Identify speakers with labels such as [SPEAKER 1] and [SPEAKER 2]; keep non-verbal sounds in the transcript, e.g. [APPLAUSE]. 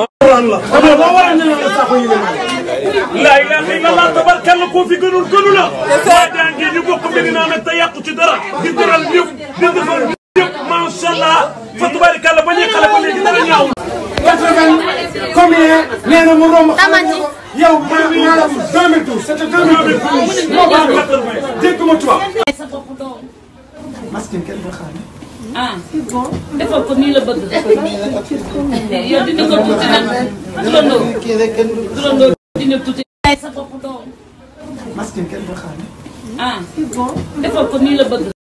[SPEAKER 1] alxuraan la xamee boo waree nee naa la saako yi leen laa ilaaha illallah tabarkalla koo fi gënul gënu la waa jàngee ñu bokk mbiri naa nag te yàqu ci dara di teral ñëpp di defar ñëpp macha allah fa tabarkalla ba ñuy xale ba léegi dara ñaaw comme nee na mu romb yow maanaam 2012 c'était 2012 moo baax
[SPEAKER 2] dégg ma tubaab maskin kenn ko ah defal ko nii la bëgg. [LAUGHS] yow dina ko tuuti nag turandoo turandoo
[SPEAKER 3] dina tuuti sa bopp doom. defal ko la bëgg.